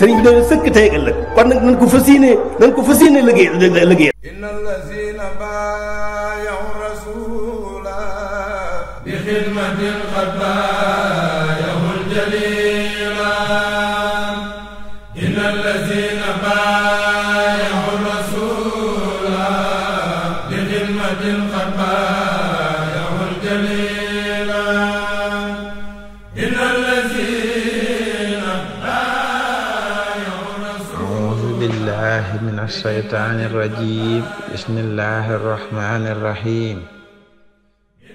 sëriñ bi dañu sëkk tey ëllëg kon nag nañ ko fas yéene nañ ko fas yéene liggéey liggéey bi xidmatin qad baayahu aljalila inna allazina baayahu rasula bi xidmatin الشيطان الرجيم بسم الله الرحمن الرحيم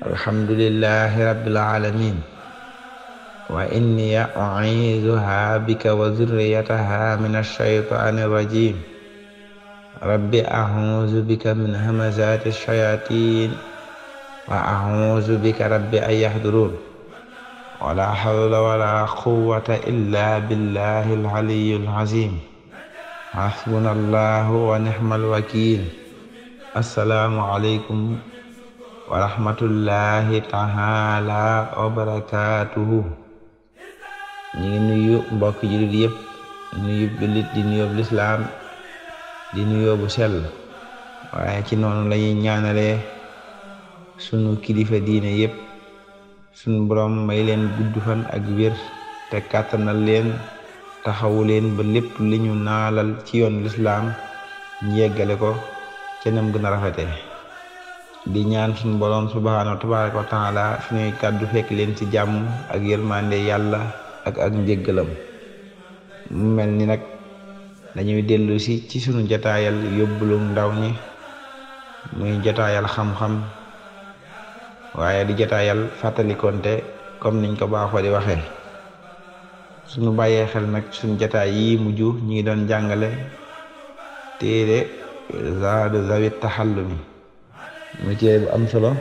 الحمد لله رب العالمين وإني أعيذها بك وذريتها من الشيطان الرجيم رب أعوذ بك من همزات الشياطين وأعوذ بك رب أن يحضرون ولا حول ولا قوة إلا بالله العلي العظيم hasbunallahu wa ni'mal wakiil assalaamu aleykum wa rahmatullahi taala wa barakaatuhu ñu ngi nuyu mbokk jullit di nuyu jullit di nuyoob lislaam di nuyoobu sell waaye ci noonu lañuy ñaanale sunu kilifa diine yëpp sunu borom may leen gudd fan ak wér te kàttanal leen taxawu leen ba lépp li ñu naalal ci yoon lislaam ñu ko ca nam gën a rafete di ñaan suñu boroom subhaanahu tabaaraka wa taala ñuy kàddu fekk leen ci jàmm ak yërmande yàlla ak ak njëggalam mu mel ni nag dañuy dellusi ci sunu jataayal yóbbulu ndaw ñi muy jataayal xam-xam waaye di jataayal fàttalikonte comme niñ ko baaxoo di waxee suñu bàyyee xel nag suñ jataay yi mujj ñu ngi doon jàngale téere zaadu zawi taxallumi mu téere bu am solo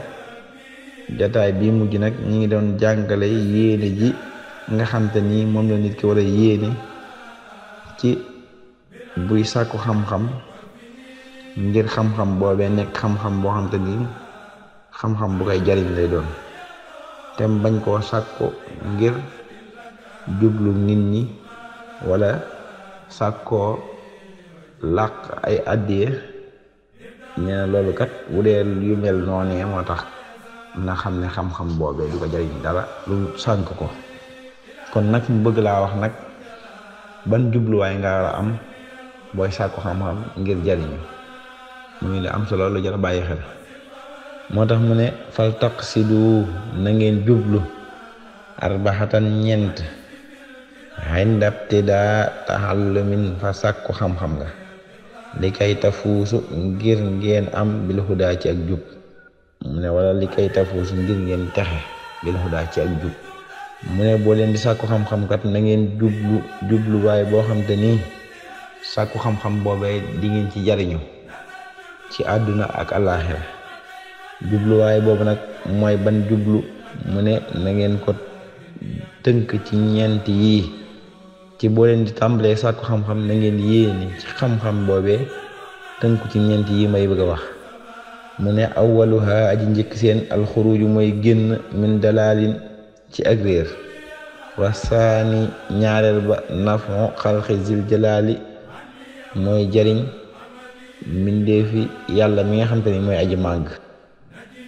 jataay bi mujj nag ñu ngi doon jàngale yéene ji nga xam te ni moom la nit ki war a yéene ci buy sàkku xam-xam ngir xam-xam boobee nekk xam-xam boo xam te ni xam-xam bu koy jariñ lay doon tem bañ koo sàkku ngir jublu nit ñi wala sàkkoo làq ay àddiya ñu ne loolu kat bu dee yu mel noonee moo tax na xam ne xam-xam boobee du jariñ dara lu sànk ko kon nag mu bëgg laa wax nag ban jubluwaay nga war am booy sàkku xam-xam ngir jariñu muy de am solo lu jar bàyyi xel moo tax mu ne fal taqsidu na ngeen jublu arbaxatan ñeent inda ibtidaa taxallumin fa sàkku xam-xam nga li kay tafuusu ngir ngeen am bil hudaa ci ak jub mu ne li kay ngeen texe bil hudaa ci mu ne boo leen di sàkku xam-xam kat na ngeen jublu jubluwaay boo xam te nii sàkku xam-xam boobee dingeen ci jariñu ci àdduna ak àllaaxira jubluwaay boobu nag mooy ban jublu mu ne na ngeen ko tënk ci ñent yii ci boo leen di tàmbalee sàkku xam-xam na ngeen yéene ci xam-xam boobee tënku ci ñeent yi may bëgg a wax mu ne awaluha aji njëkk seen alxuruju mooy génn min dalaalin ci ak réer wasaani ñaareel ba nafon xalxi zil jalaali mooy jariñ mbindeefi yàlla mi nga xam ni mooy aji màgg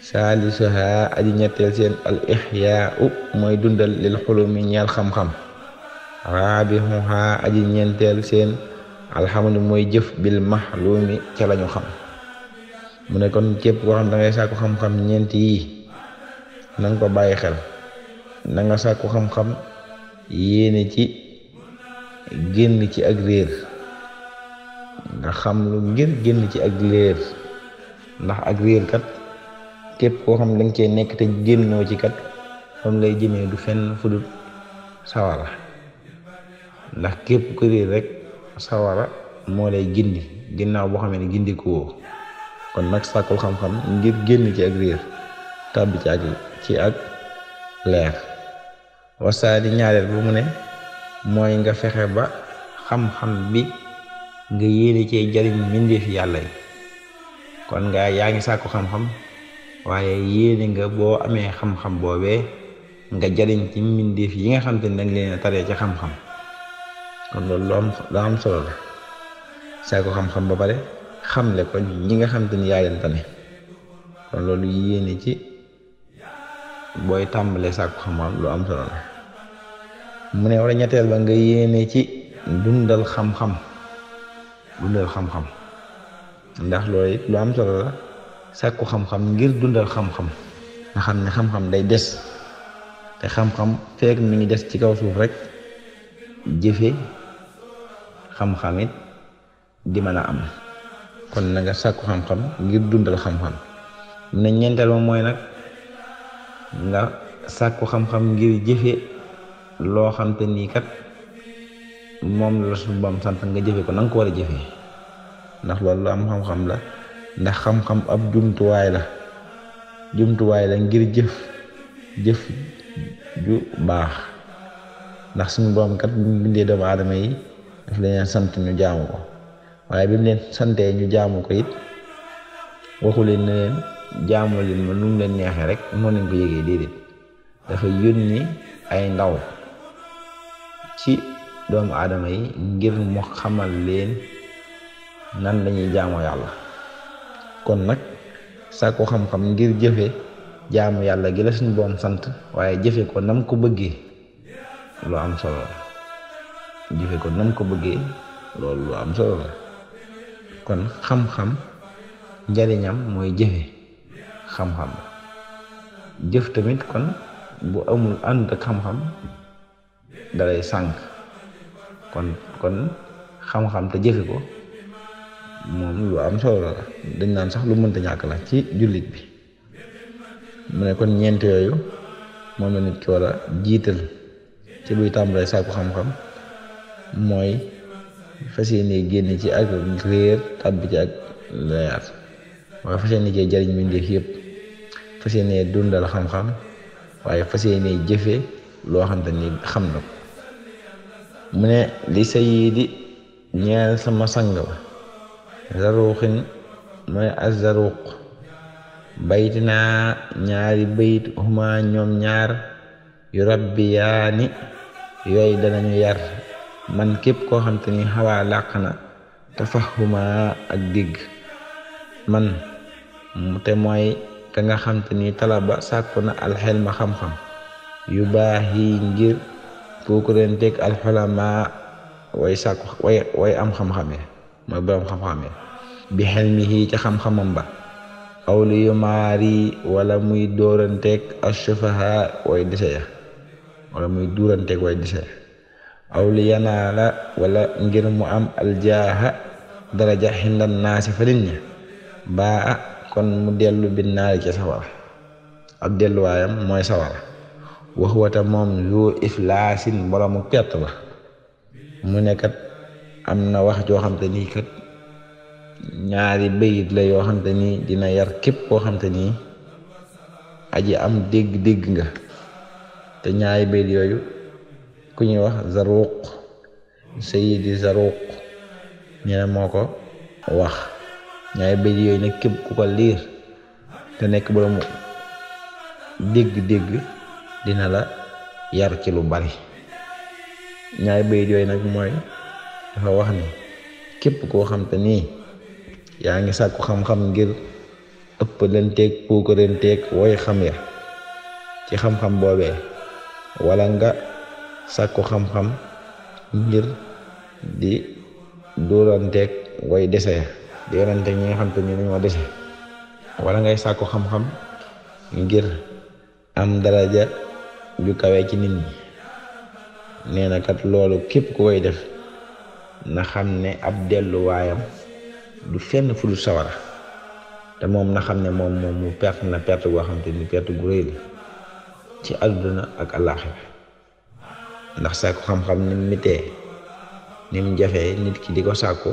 saalisaha aji ñetteel seen al ixyaa u mooy dundal lil xulumi ñeel xam-xam raabihuha aji ñeenteelu seen alhamdu mooy jëf bil maxluumi ca lañu xam mu ne kon képp koo xam da ngay sàkku xam-xam ñeent yii na ko bàyyi xel na nga sàkku xam-xam yéene ci génn ci ak réer nga xam lu génn ci ak réer ndax ak réer kat képp koo xam da nga cee nekk te génnoo ci kat fam lay jëmee du fenn fudut sawara ndax képp ku réer rek sawara moo lay gindi ginnaaw boo xamee ne gindi ku kon nag sàkkul xam-xam ngir génn ci ak réer tàbbi ci ak ci ak leer wasaani ñaareel bu mu ne mooy nga fexe ba xam-xam bi nga yéene cee jariñ mbindeef yàlla yi kon nga yaa ngi sàkku xam-xam waaye yéene nga boo amee xam-xam boobee nga jariñ ci mbindeef yi nga xam te ne danga leen taree ci xam-xam kon loolu lu am lu am solo la saako xam-xam ba pare xamle ko ñi nga xam te ni yaa leen tane kon loolu yéene ci booy tàmbalee saako xam-xam lu am solo la mu ne wala ñetteel ba nga yéene ci dundal xam-xam dundal ndax loolu it lu am solo la sàkku xam-xam ngir dundal xam-xam nga xam ne xam-xam day des te xam-xam feeg mi ngi des ci kaw suuf rek. jëfe xam-xamit di mën a am kon naga nga xam-xam ngir dundal xam-xam ne ñeenteel ma mooy nag nga sàkku xam-xam ngir jëfe loo xam te nii kat moom la suñu boom sant nga jëfe ko nag nga ko war a jëfe ndax loolu lu am xam-xam la ndax xam-xam ab jumtuwaay la jumtuwaay la ngir jëf jëf ju baax ndax suñu borom kat bi mu bindee doomu aadama yi daf leen sant ñu jaamu ko waaye bi mu leen santee ñu jaamu ko it waxu leen ne leen jaamu leen ma nu mu leen neexee rek noonu lañ ko yëgee déedéet dafa ay ndaw ci doomu aadama yi ngir mu xamal leen nan lañuy jaamu yàlla kon nag sàkku xam-xam ngir jëfe jaamu yàlla gi la suñu borom sant waaye jëfe ko nam ko bëggee lu am solo la ko nan ko bëggee loolu lu am solo la kon xam-xam njariñam mooy jëfe xam-xam jëf tamit kon bu amul ànd ak xam-xam dalay sànk kon kon xam-xam te jëfe ko moom lu am solo la dañ naan sax lu mënta ñàkk la ci jullit bi mu ne kon ñeent yooyu moom la nit ki war a jiital ci buy tàmbalee sàkku xam-xam mooy fas yéene génn ci ak réer tàbbi ci ak leer waaye fas yéene cee jariñ mbindeef yëpp fas yéene dundal xam-xam waaye fas yéene jëfe loo xam te ni xam na ko mu ne li sayidi ñeel sama sang ba zaruuxin mooy azzaruuq bayti naa ñaari bayit huma ñoom ñaar yu rabbiyaani yooyu danañu yar man képp koo xam te ni xawaa làq na tafahuma ak digg man te mooy ka nga xam te ni talaba sàkku na alxel ma xam-xam yu baax yi ngir puukurenteeg alxulama way sàkku way way am xam-xame mooy boroom xam-xame bi xel mi xii ca xam-xamam ba aw li maari wala muy dóoranteeg ashufaha way dese ya wala muy duurante koy dise aw li yanaala wala ngir mu am aljaaha daraja xindan naasi fa nit ñi baa kon mu dellu bi naari ca sawara ab delluwaayam mooy sawara wax moom zu iflaasin boroomu perte mu nekkat am na wax joo xam te nii kat ñaari bayit la yoo xam te nii dina yar képp koo xam te nii aji am dégg-dégg nga te ñaari bayt yooyu ku ñuy wax zaruq sayidi zaruq ñu ne moo ko wax ñaari bayt yooyu nag képp ku ko liir te nekk boroom dégg-dégg dina la yar ci lu bari ñaari bayt yooyu nag mooy dafa wax ni képp koo xam te nii yaa ngi sàkku xam-xam ngir ëpp lenteeg puukarenteeg wooy xam ya ci xam-xam boobee wala nga sàkku xam-xam ngir di dóoranteeg way dese di yoranteeg ñi nga xamte te ni dañoo dese wala ngay sàkku xam-xam ngir am daraja ju kawee ci nit ñi nee na loolu képp ku koy def na xam ne ab delluwaayam du fenn fu sawara te moom na xam ne moom moom mu perte na perte goo xam te ni perte gu rëy la ci àdduna ak àllaaxira ndax sàkku xam-xam ni mu mitee ni mu jafee nit ki di ko sàkku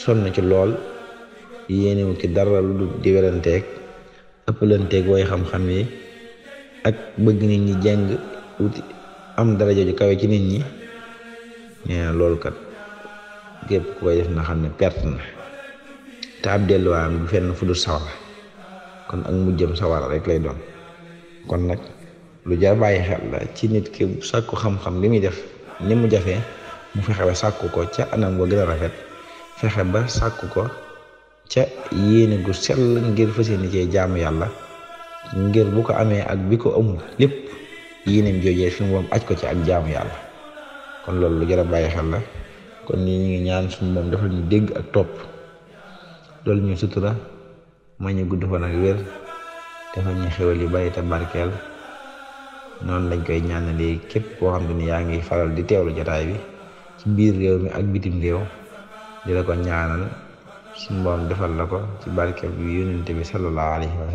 sonn ci lool yéenewu ci dara lu di weranteeg ëppalanteeg way xam-xam yi ak bëgg nit ñi jàng wuti am daraja ju kawe ci nit ñi nee na loolu kat gépp koy def na xam ne perte na te ab delluwaayam bu fenn fu dul sawara kon ak mujjam sawara rek lay doon kon nag lu jar xel la ci nit ki sàkku xam-xam li muy def ni mu jafee mu fexe ba sàkku ko ca anam ba rafet fexe ba sàkku ko ca yéene gu sell ngir fa yéene cee jaamu yàlla ngir bu ko amee ak bi ko amul lépp yéeneem joojee fi mu moom ko ci ak jaamu yàlla kon loolu lu jar bàyyi xel la kon ni ñu ñaan suñu moom dafa ñu dégg ak topp loolu ñu sutura ma ñu gudd fan ak wér defal ñu xéwal yu bari te barkeel noonu lañ koy ñaanalee képp koo xam ne yaa ngi faral di teewlu jataay bi ci biir réew mi ak bitim réew di la ko ñaanal suñu borom defal la ko ci barkeel bi yónnent bi sallallahu alayhi wa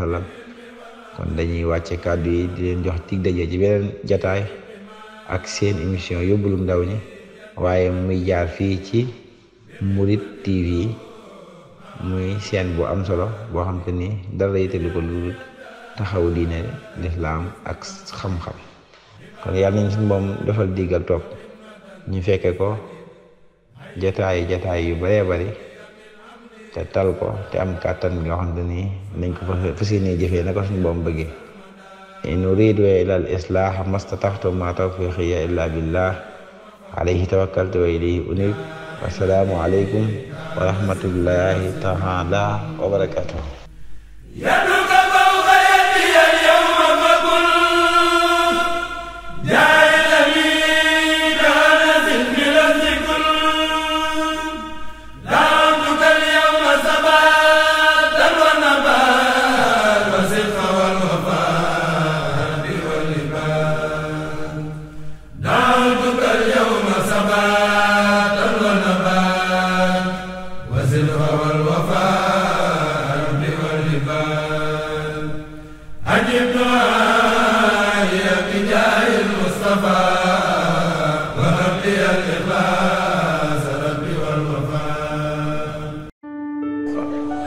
kon dañuy wàcce kàddu yi di leen jox dig daje ci beneen jotaay ak seen émission yóbbulum ndaw ñi waaye muy jaar fii ci Murit TV muy seen bu am solo boo xam te ni dara yitelu ko lu taxaw diine lislaam ak xam-xam kon yàlla nañ suñu moom defal digg ak topp ñu fekke ko jataay jataay yu baree bari te tal ko te am kàttan bi nga xamante ni nañ ko fas yéene jëfee ko suñu boom bëggee in uriidu illa al islaaha mastata'tu ma tawfiiqi illa billah alayhi tawakkaltu wa ilayhi unib assalaamu aleykum wa rahmatullahi taala wa